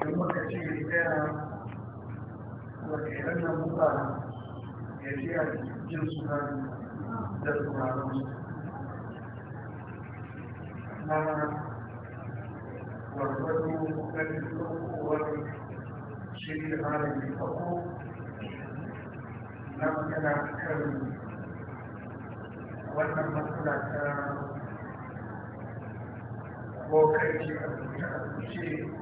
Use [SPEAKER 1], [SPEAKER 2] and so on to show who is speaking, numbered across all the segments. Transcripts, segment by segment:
[SPEAKER 1] in muka ce tara wata nan muka ya ce a jin suna da tsoron su na warwaro ƙarfi shirya halin da farko na magana kan wannan matsala ta ko kai ce a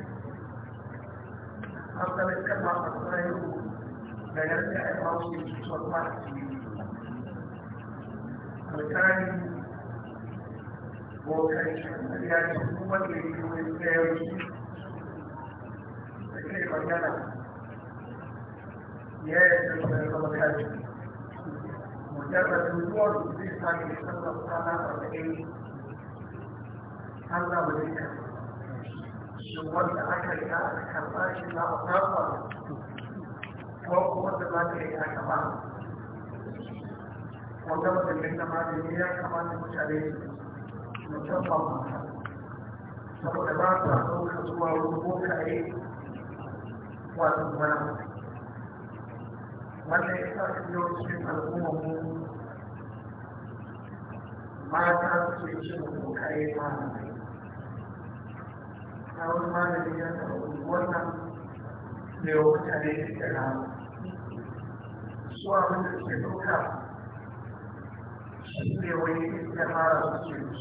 [SPEAKER 1] Sampai kerma perkara itu Dengan emosi informasi Mencari Bukan Melihat semua diri Melihat Sekali bagaimana Ya Sekali مجرد الوضوء في هذه الصلاة الصلاة الأولى الله وليك shin wanda aka yi aka karɓa shi za a karɓa ko kuma da za ka yi aka ba wanda mutumin da magani ya kamata mutane musamman mata saboda ba ta ɗauka zuwa ka kare wato wani wanda ya sa su yau cikin al'umma mu mata suke cin kokare mata أول ما نجينا وقلنا لوقت عليه الكلام سواء من الكلام شيء يوين استخارة الجنس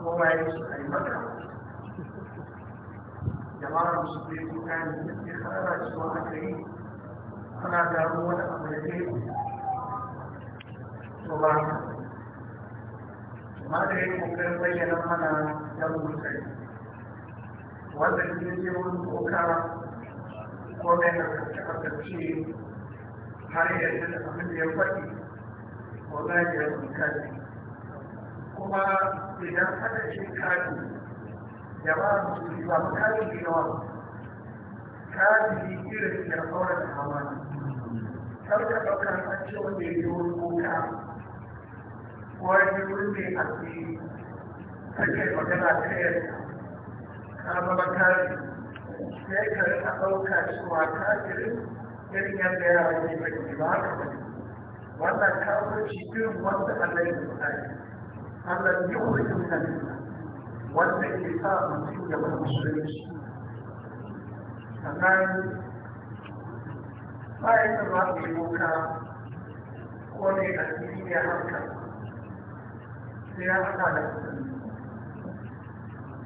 [SPEAKER 1] وما يسمى المكان جماعة المسلمين كان استخارة سواء كريم أنا دارون أمريكي وما ماذا يمكن بينا منا يوم الخير wanda ke ne wani koka ko mai karkace har yanzu da abin da ya faɗi ko za ya yi kaji kuma idan haka ce kaji ya ba su musulmi ba kari da yawa kari irin ya aure da hawa kar ka ɗauka a ce wanda ya yi wani koka ko ya yi wurin mai ce kake magana ta yadda ka zama kafin sai ka rika ɗauka cewa kafirin irin yadda yara ke baki ba haka ba wannan kafirci irin wanda Allah ya tsari Allah ya wuce mutane wanda ke sa mutum ya bar musulunci sannan bayan da za ku yi wuka ko ne a cikin ya haka sai ya haka da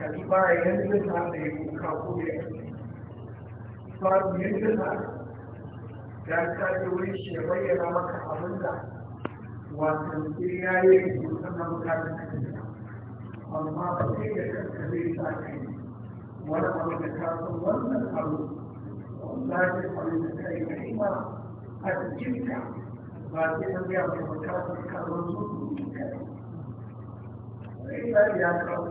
[SPEAKER 1] கண்டிப்பாக எழுந்து சார்ந்த கூடிய sir எழுந்து sir the wurin shi ya bayyana maka abin da wato the ya yi musamman kanin kanka amma ba sai da kanka zai sa kai wani abu da ka the wannan abu wallahi abu da kai ka was ma a cikin ka ba sai ka gaya mai mutane ka zo su ya kawo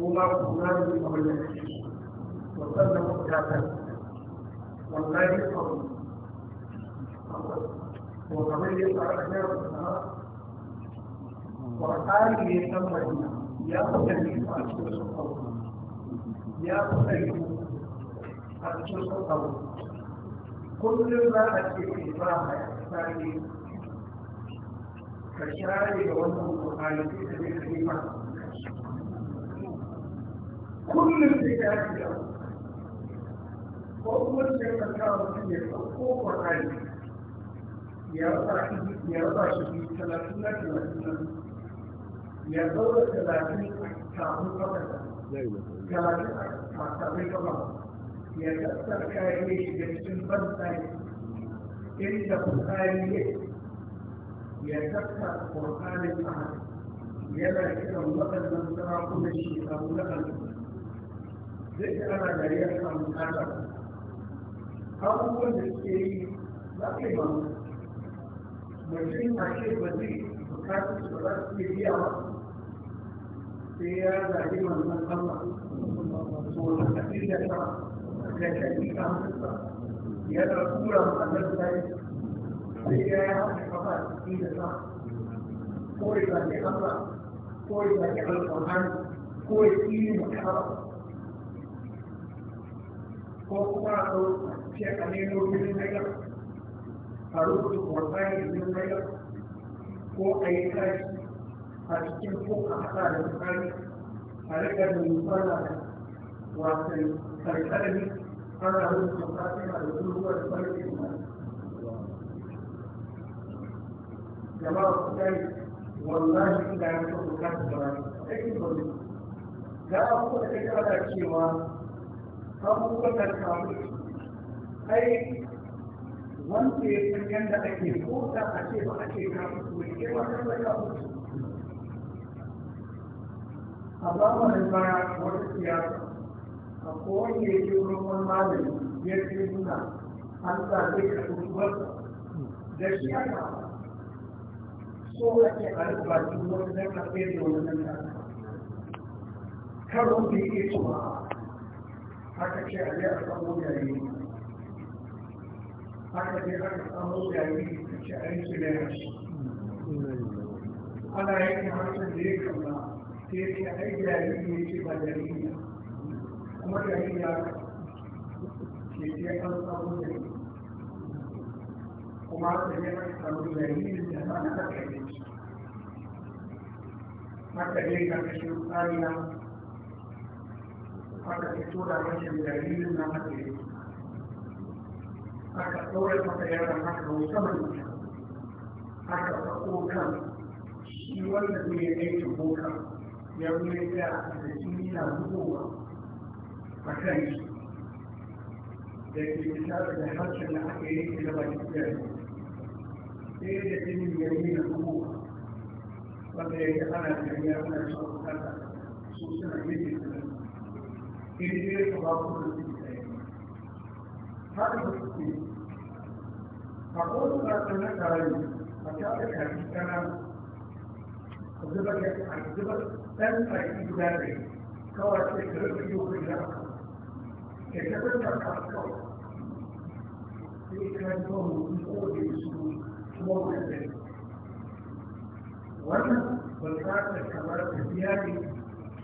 [SPEAKER 1] پورا پورا بھی سمجھ لیں تو سر میں کو کیا کر سکتے ہیں وہ ہمیں یہ کارن ہے پڑھائی کے لیے سب مہینہ یا تو صحیح ہاں، یا تو صحیح اچھے سو سب خود کے بعد اچھی اتنا ہے ساری کچرا بھی بہت پڑھائی کی kullum sai ka da ko kuma sai ka kawo mutum ya ɗauko ƙwarari ya rasa shi ya rasa shi talatin na talatin na ya ɗaura talatin a samu kafa talatin a samu kafa ya tattara kayan ya shiga cikin banɗaki inda ƙwarari ya ya tattara ƙwarari a yana kiran waɗannan sarakunan shekaru na al'umma zai ga ana da ya samu kasa abubuwan da suke yi za ka yi mamu a ce ba zai bukatu su ba su ke biya ba sai ya zaɓi manzan Allah to da kaɗi da ta da kaɗi a mutuwa ya da tura manzan sai sai ya yi haka kafa a cikin da ta ko ya zaɓi Allah ko ya zaɓi alƙur'ani ko ya ƙi ne mutuwa ko kuma a ɗau ce a nemo filin haila a rubuta ne filin haila ko a yi kashi a cikin ko a haɗa da tsari a rika da musala wasan karkarami ana rubuta fatima da ruwa da farki jama'a ku gani wallahi ina yanzu ku kasa da wani za a da kake ana cewa abubakar samu ai wanda ya san yadda ake ko da a ce ba a ce ka mutu mai ke wata kan mutu a zamanin baya wata siyasa a kowane ya ke wurin malami ya ce nuna an zaɓe ka tutuwar da shi aka so ake a rufa duk wani zaka ɗaya da wani zaka karo da yake cewa aka ce a yi a yayi aka ce aka samu yayi a ce a yi su shi ana yanke harshen da ya kalla sai ce a yi ne ce ba yayi kuma yayi ya ke ce an yayi kuma aka ce aka samu yayi ne da ba ta haka ne haka ne ka kashe tsariya aka fito da rashin jaririn na mace aka ɗaure masa yaron aka sako kan shi wanda zai yi aikin boka ya wuri da da shi na zubowa a kan shi da ke fita da harshen da aka yi da ba shi da sai da jini ya yi na zubowa wanda ya yi ana jariya ana shi a kusa su suna yi da geriye kulaklığı Her birisi Kapol zaten dair Hakkâbe kendisine Kızıba kızıba en sayısı güvenmeyi Kavaşta kırıp yokuyla Tekrar da kalkıyor. Bir kendi olmuş, o diyorsunuz, bu olmuş. Wannan, bu kadar kamar tafiya ne,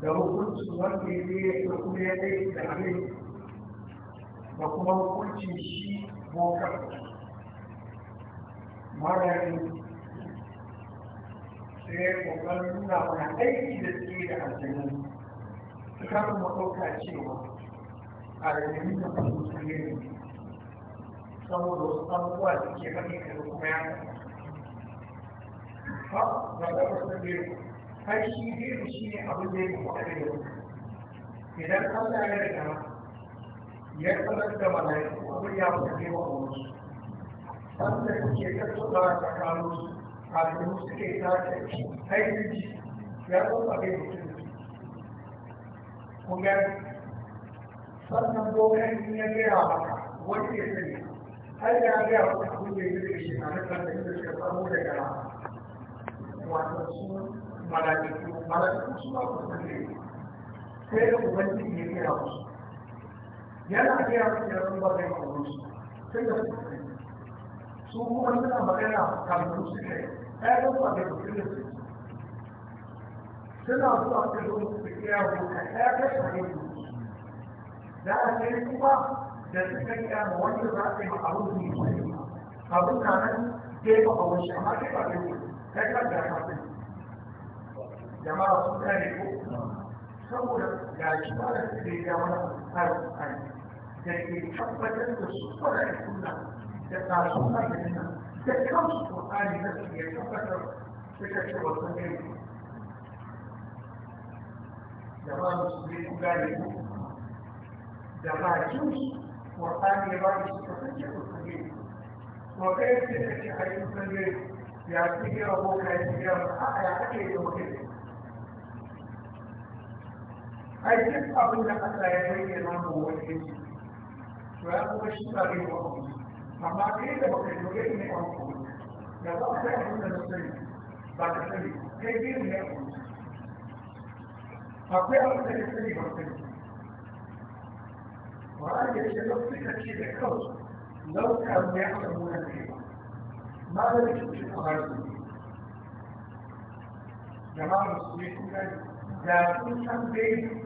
[SPEAKER 1] da hukuncin wanda ya je da kuma ya dai da abin da kuma hukuncin shi boka marari sai ya kokarin nuna mana aiki da suke da aljanu suka kuma ɗauka cewa a rarrabi da kuma su ne saboda wasu abubuwa da ke mafi kuma ya ba za da wasu ne 开始新业务，新业务这个环境，给咱增加一个啥？也不能这么来，我们要不给我们，咱们这些个做到啥啥路子，啊，公司给他开始开始起，全部把这个东西，我们三分多开始年这样吧，我也是你，还有两个，我估计这个新的，这个这个这个办公室的，我说是。mala'iku mala'iku su ba su sai da ubangiji ya gaya musu yana gaya musu ya sun ba zai kawo su sai da su kalle su kuma suna magana kamar su kai ɗaya da ba zai kalle su suna zuwa da zuwa su gaya musu ɗaya da kalle su da a sai kuma da suka gaya ma wanda za a yi ma abin da ya na nan gefe a wani shi amma kai ba zai kalle kai kan da ya jama'a su gane ko saboda ga shi ba da su ne ya wani alƙari da ke tabbatar da su da suna da tasu hajjin nan da kansu ƙwari na su ya tabbatar suka ce wa sun gane ko jama'a su ne sun gane ko da ba bakin su ƙwari ya ba da su kasance ko sun gane ko kai sai da ke ayyukan ne ya fi yawa ko kai fi yawa a ya ake yi da mutum ai duk abin da Allah ya bayyana mana wani to ya kuma shi ba zai wa amma kai da baka dore ne a wani da ba ka abin da sani ba ka sani kai biyu ne a akwai abin da ya sani ba sani وهذا يتلقى تأكيد الكوز لو كانوا يعلمون الغيبة ماذا يكتشف غيرهم جماعة المسلمين كان لا تنسى بين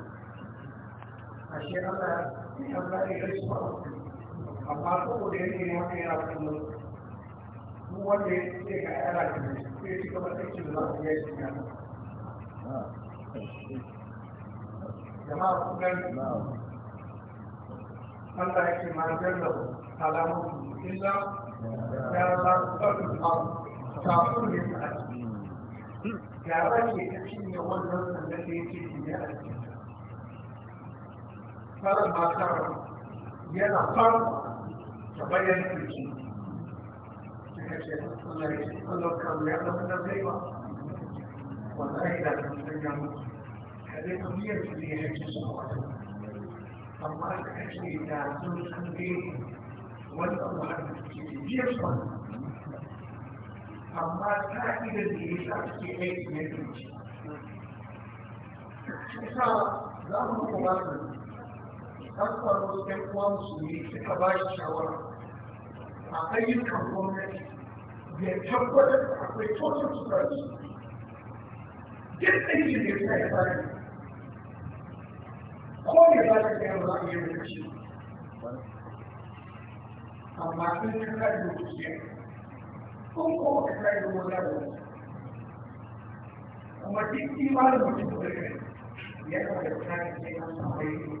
[SPEAKER 1] ashe Allah ya zaɓe su amma da yake ne wanda yana kullum duk wanda ya ce ga yana kullum sai ci gaba da cin yi shi jama'a kun gani Allah ya ce ma jalla salamu. illa ya la tsarkin ma kafin ne a ciki ya ba ke cikin wannan sannan da yake ne a farar matar yana far a bayan kirki suka ce Allah ya ce Allah kan ya zama da zai ba wallahi da kan san ya mutu ka dai ku biyar su ne ya ce su amma da kace da sun san dai wanda Allah ya ce biyar su amma ta idan da ya sa suke aiki na kirki. Shi sa za mu kuma ba su ɗan faru ɗan uwa musulmi suka to shi shawara a ayyukan gwamnati ya tabbatar da your total security duk your da ya ya bari ko ya ba da ɗaya ba a yi rikici amma in ka kare da kusiya kun kuma ka kare da wani abu kuma duk imanin mutum da ya kamata ka kare da ya samu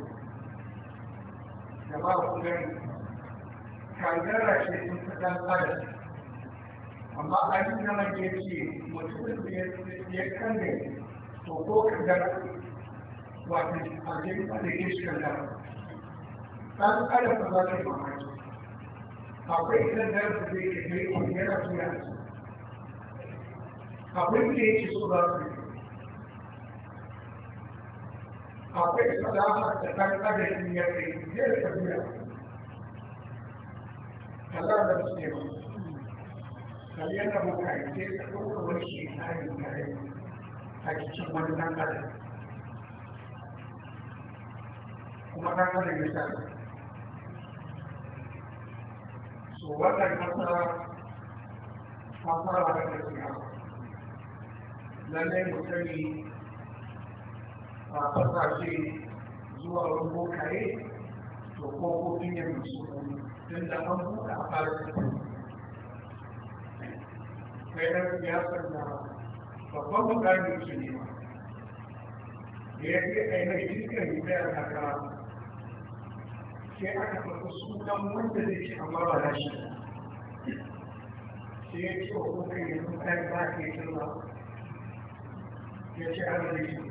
[SPEAKER 1] da ba ku gani kaddara ce sun fi ɗan adam amma abin da man ya ce mutum ya kan ne to ko kaddara wato abin da ya shi kaddara ɗan adam ba za ta yi mamaki akwai idan da zai ke ne ko yana tuya akwai da ya ce so za su yi akwai salama da ɗan adam ya kai zai tafiya Allah da su ne ba sai yana bukaice da ɗaukawar shekari tare a cikin wani ɗan adam kuma ɗan adam ya sa so wannan masara fasara da ta lalle mu sani masu ce zuwa wurin bokaye to kofofin ya musu tun da an buɗe a fara kai ɗan siyasar na babban bukatar su ne da ya ke ainihin iskar yi bayan haka sai aka faɗi sunan wanda zai ci a ba na shi sai ya ce wa kuka yanzu kai ba ka yi sallah ya ce an rage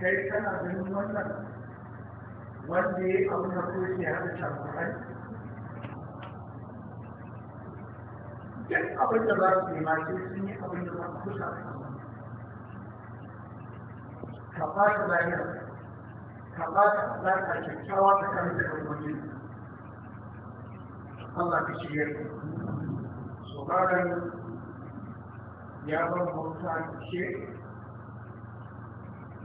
[SPEAKER 1] kai kana ganin wannan wanda ya yi abu na ko shi hada shafukai duk abin da za su yi ma sai sun yi abin da za su kusa ka ba ta lahiyar ka ba ta alaƙa kyakkyawa ta kan da wajen Allah ka shirya ka so ya bar mota ce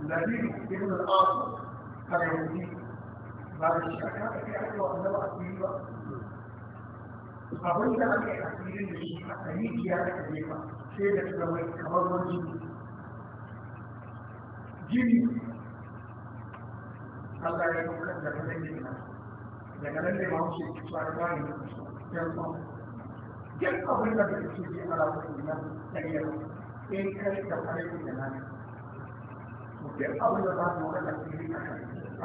[SPEAKER 1] لبيب ابن الآصل كيهودي بعد الشكاة في عدوى أن لا أسيبا فقلت أن أسيبين لشيء أسيب يا كبيرة سيدة لوي كبر والجن جن الله يقول لك لكنين لنا لكنين لما هو شيء سؤالي جن قبل لك الشيء على وجه الله تغيره إن كانت تفعله لنا لأبيض مغلق فيه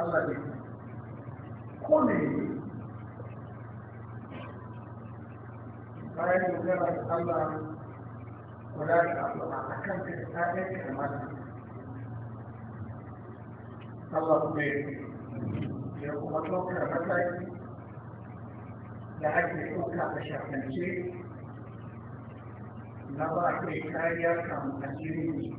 [SPEAKER 1] الله يقول قل فلا يجرد الله ولا يأخذ حكم في هذه الكلمات الله يقول مطلوب كلمتك لعجل أوكا بشكل شيء نضع في كاية كمتجرين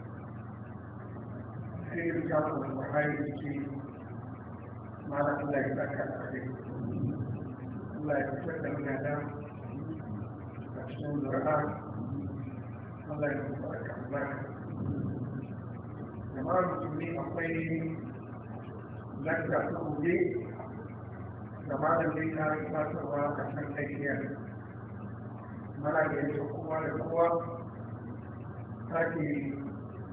[SPEAKER 1] sai ya ta ku buhari da ke mara Allah ya saka a kai Allah ya fitar da muna da a cikin zura'a Allah ya fitar da albarka jama'ar musulmi akwai ta gobe da malamin na fatarwa a kan mana da yake kowa da kowa sake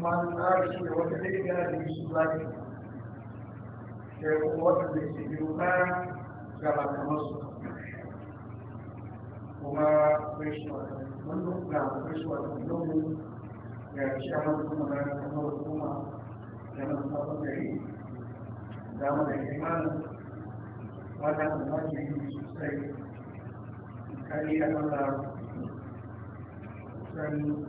[SPEAKER 1] man tsari da wata zai gana da su zaki da wata zai su biyu na gaba kamar su kuma rishwa wannan na rishwa da nomu da shi kuma na kamar kuma da man sabon gari da mu da imanin wata Allah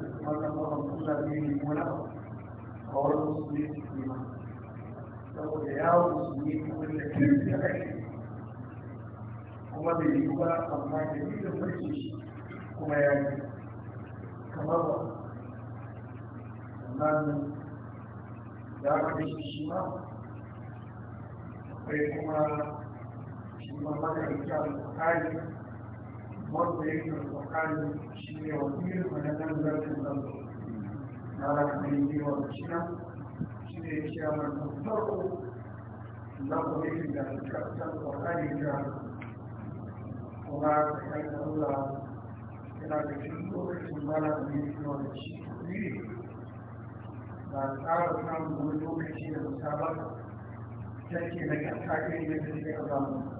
[SPEAKER 1] وتقرب كل دين ونفر قول المسلمين فيما saboda yawon kai kuma da yi ba amma da yi da farce kuma ya yi kamar ba sannan da aka da shi shi ma akwai kuma shi ma maka da kyawun wanda ya ke tsakanin shi ne wakilin manajan zarafin zanzu na rakamai ne wa china shi ne ya ce a manzan farko za ku yi da kasar tsakanin da kuma kayan tsarura yana da cikin lokacin malam ne ke wa shi ne ba tsara samun wani lokaci da musamman take na kasa ne da ke da zamanin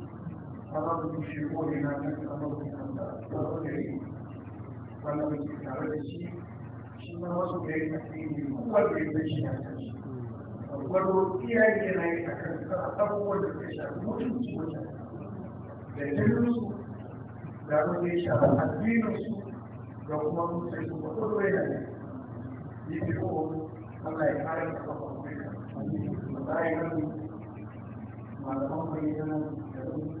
[SPEAKER 1] فقط من شكورنا wanda tare da shi shi ma wasu da ya tafi ne kowar da ya shi a kan shi gwado iyaye yana yi a kan abubuwan da shafi mutunci da da ya shafi da kuma mutunci su yana yi ya kare da kafa ya malaman bayyana da wani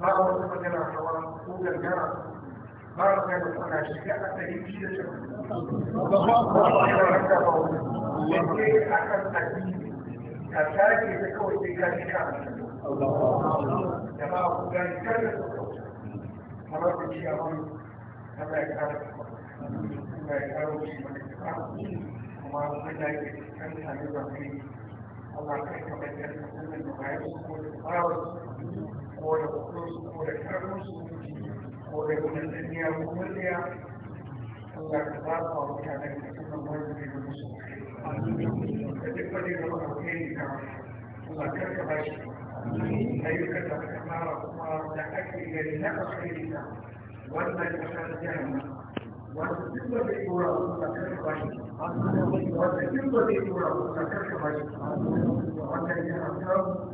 [SPEAKER 1] ba wata magana hawa ko gangara ba a kai da fada shi a tsaye shi da shi ba ba ba a kan da kawai sai ka shiga da ba a gani kar da su kamar da shi a wani Allah ya kara Allah ya karo shi mai kuma Allah ya kanta ne ba kai Allah kai kamar yadda kullum da bayan su ko da bayan su ko da kuɗinsu ko da karfinsu ko da gudun duniya ko murya Allah ka ba ka mutanen da suka murna da musu da duk wani da muka kai ka Allah kar ka ba shi ayyukan da ka fara kuma da ake gani na alkhairi ka wannan ka the jahannama wannan duk wanda the tura Allah kar ka ba shi wannan duk wanda ya tura Allah kar ka ba shi wannan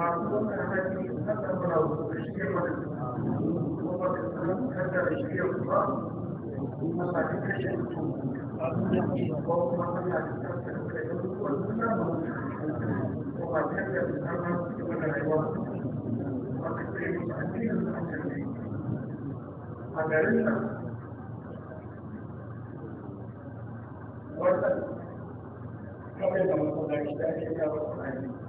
[SPEAKER 1] a garin nan wata da masallaci da ake kawo a hanyar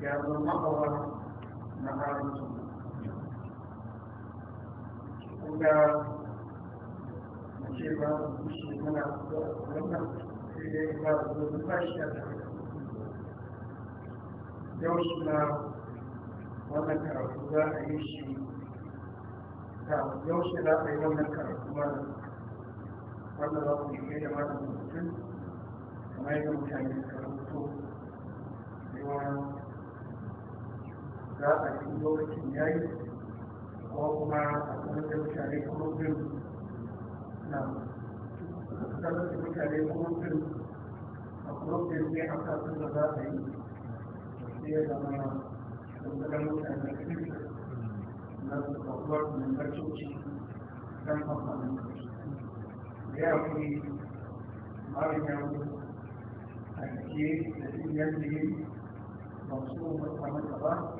[SPEAKER 1] ya zama makawa na halin su kuma mace ba su kushe mana wannan sai dai ba su zo ba shi a tare yau shi na wannan karatu za a yi shi da yau shi za a yi wannan karatu ma wanda za ku yi da malamin mutum kamar yadda mutane suka rubuto yawan الأحداث في الدور الكيميائي وهو ما تقدمت عليه كروبن نعم تقدمت عليه كروبن كروبن في حتى في الغابة هي لما تقدمت عن الكريم نعم تقدمت من برشوشي كان فقط من برشوشي لأن في مارين يعود الكيس الذي يجري مصروف من الله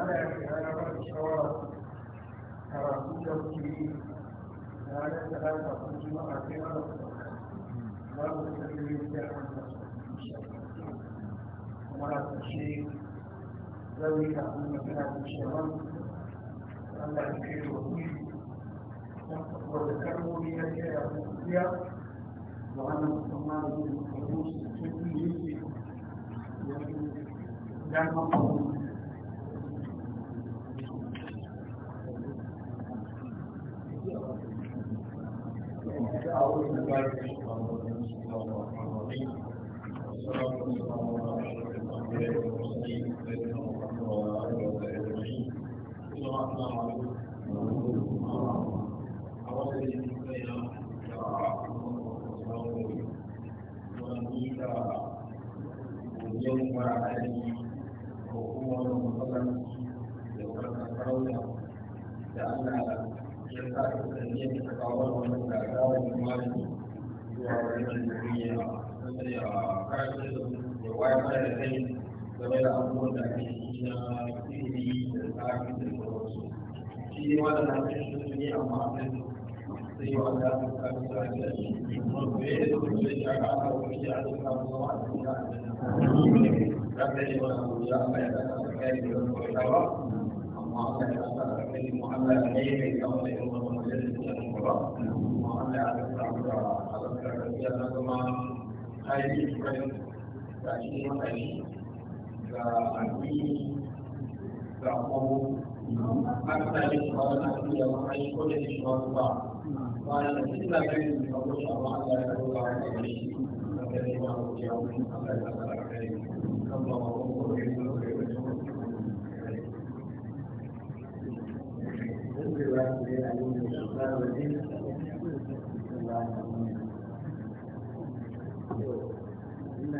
[SPEAKER 1] ana yana mata shawara karatu da kuke yi na ranar da haka kun ji ma'a kai mana za mu fi da yin da kuma na ƙarshe zan yi kafin magana da shaman Allah ya kai da wani wanda kalmomi na kai da kusiya da wannan musamman da yin da kusiya da kuma yin da kuma أعوذ بالله من الشيطان الرجيم بسم الله الرحمن الرحيم والصلاة والسلام على أشرف الأنبياء والمرسلين سيدنا محمد karanta da mu ya wayar mana da kai game da abubuwan da ake yi na ilimi da tsarin da sauransu shi ne wanda na fi shi ne amma sai sai wa Allah ta kafa ta da shi ko ya da kuma shi aka aka ko shi aka kafa wa Allah ta da ka yi wa ya Allah ya ta kai da ko ta ba amma Allah ya ta kai mu Allah ne ya kawo da yawan da ya ta ba amma Allah ya ta kafa da Allah ya ta kuma ainihin kwanin ga shi mutane ga addini ga kogo an tsari shi ba wani abu da wani ainihin kodin shi ba ba wani da shi na gani da kawo shi abu an zai kawo ba wani da shi na gani ba wani ya wani an zai kawo da kai kan ba wani kodin shi ba Thank you.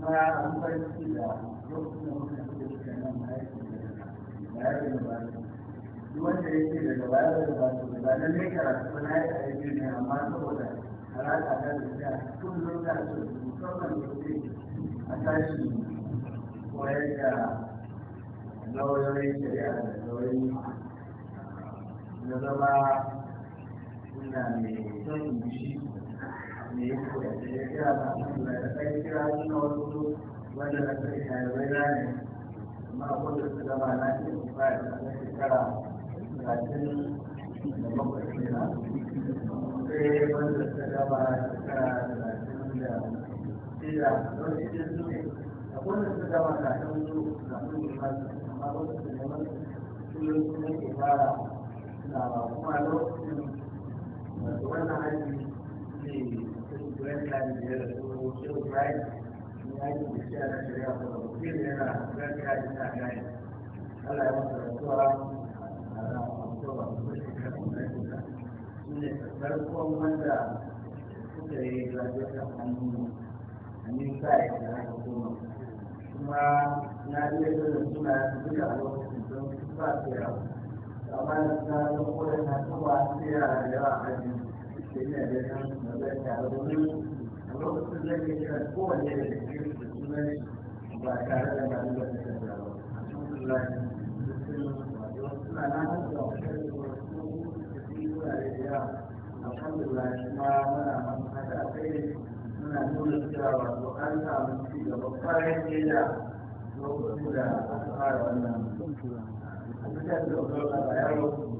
[SPEAKER 1] ہمارے me ya koya na ne ganin na da da su shi Ibrahim da shi ya na Allah ya a da a kuma na iya a na kuma a yana yi alhamdulillah na hasa da wasu wasu yi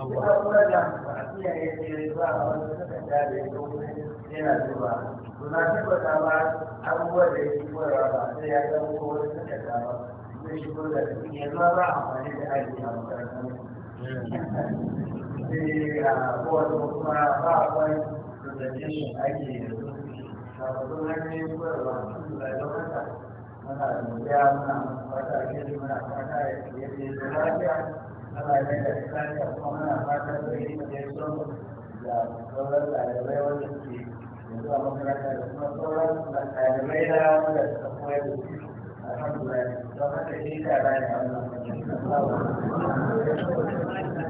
[SPEAKER 1] yana zuwa to na tabbata ba abubuwa da yake koyarwa ba sai ya zama ko wani suka ba zai shigo da su yanzu ba amfani da aiki a makarantar sai a kowace kuma ba a kwai zazzabin shi ake da su sababbin hanyoyin koyarwa su da lokata muna da muna fata a muna fata ya ke da lafiya Allah ya da kanta kuma ana fatan da yi da ya da sauran ɗalibai wanda ke zuwa makaranta da kuma sauran ɗalibai da wanda suka koyar da su alhamdulillah don haka shi ka rani a wannan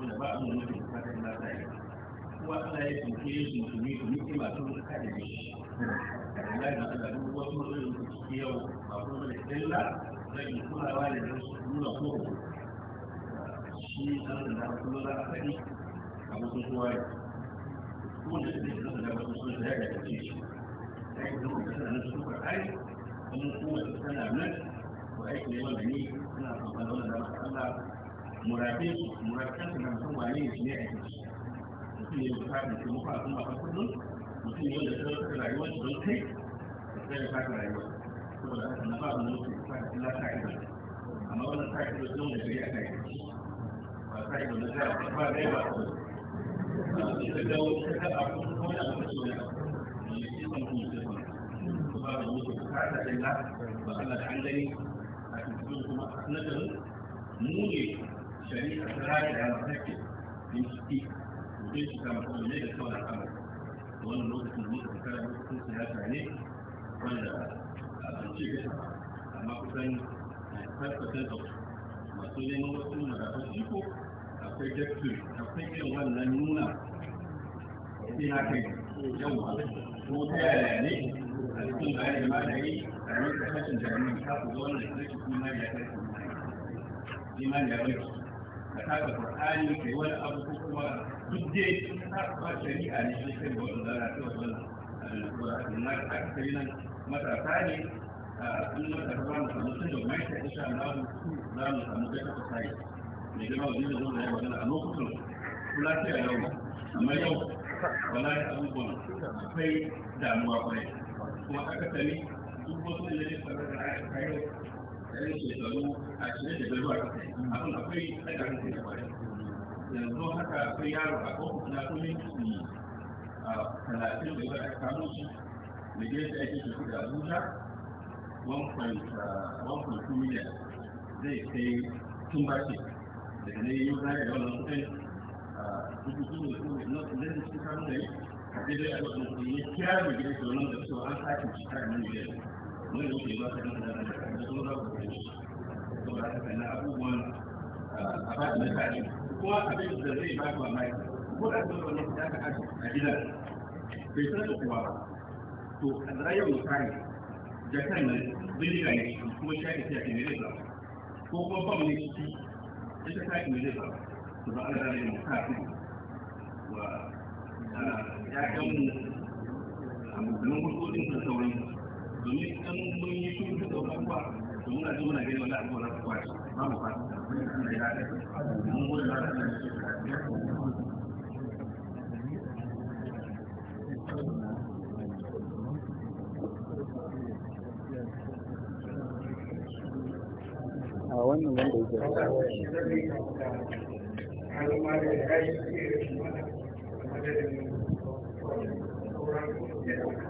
[SPEAKER 1] saboda ba a nuna da bukatar na zai kuwa Allah ya tuke shi tuni da muke masu buka da shi Allah ya tsada duk wasu matsalolin da suke yau ba kuma da illa zai kulawa da su nuna ko shi an da kuma za a faɗi a wasu kowa kuma da suke da da wasu sun da ya tuke shi sai kuma da sanan su ka ai kuma kuma tana nan ko aiki ne wanda ni ina son da Allah murabe su murabe su na san waye shi ne a cikin shi mutum ya zuka da kuma fa kuma ta kullum mutum ya ta rasa rayuwar don kai sai ya fata rayuwa saboda haka na ba mu mutum ta da ta yi amma wannan ta yi don da shari'a ta yi ba ta yi na da ba da ba ta da wani ta da abu ko da abu ko da ne shi kan kuma da ba ba mu mutum ta ta Allah ba Allah da an gani a cikin kuma na da mu ne shari'a ta rage da take in shi mutum shi kama kuma ne da kawai kama wannan lokacin da muka kara lokacin siyasa ne wanda a bance amma kusan tabbatar da masu neman wasu marafin iko akwai jaktur akwai irin wannan nuna sai na kai yawa ko ta yaya ne a cikin bayan ma da yi a yi kasashen jami'in ta ku wannan rashin imani ya kai imani ya kai ka da Qur'ani kai wani abu ko kuma duk dai har ba shari'a ne shi kai wannan da ta wannan Qur'ani na ka kai nan matasa ne sun mata ruwa mu samu sun da mai ta insha Allah za mu samu kai ta sai ne da wani da zai yi wannan a lokacin kula ta yau amma yau wala abubuwan sai damuwa kwarai kuma aka sani duk wasu da ne tsare da aka kai tsarin hankali da yanzu haka akwai yaro a kofin na kullum shi talatin da biyar aka samu shi da gidan ake shi da abuja 1.2 miliyan zai kai tun bashi ne yau zai da wannan kudin dubu dubu da kuma na kudin da samu da yi a daidai a wannan kudin ya kira da gidan wannan da an sake shi miliyan mun da wuce ba ta nan da da sun za ku kai shi to da abubuwan a ba da kaji kuma abin da zai ba ku amai ko da kuma wannan da aka a gidan bai san da kowa ba to a rayuwar misali jakan nan bindiga ne kuma shaƙi ta ke ne zama ko kuma bam ne ciki ita ta ke mere zama to ba Allah ne mu kafi wa ya kan mu a mutumin hukumin da sauransu domin an mun yi shi to muna ji muna gani ba mu fata da mun da a wannan wanda yake da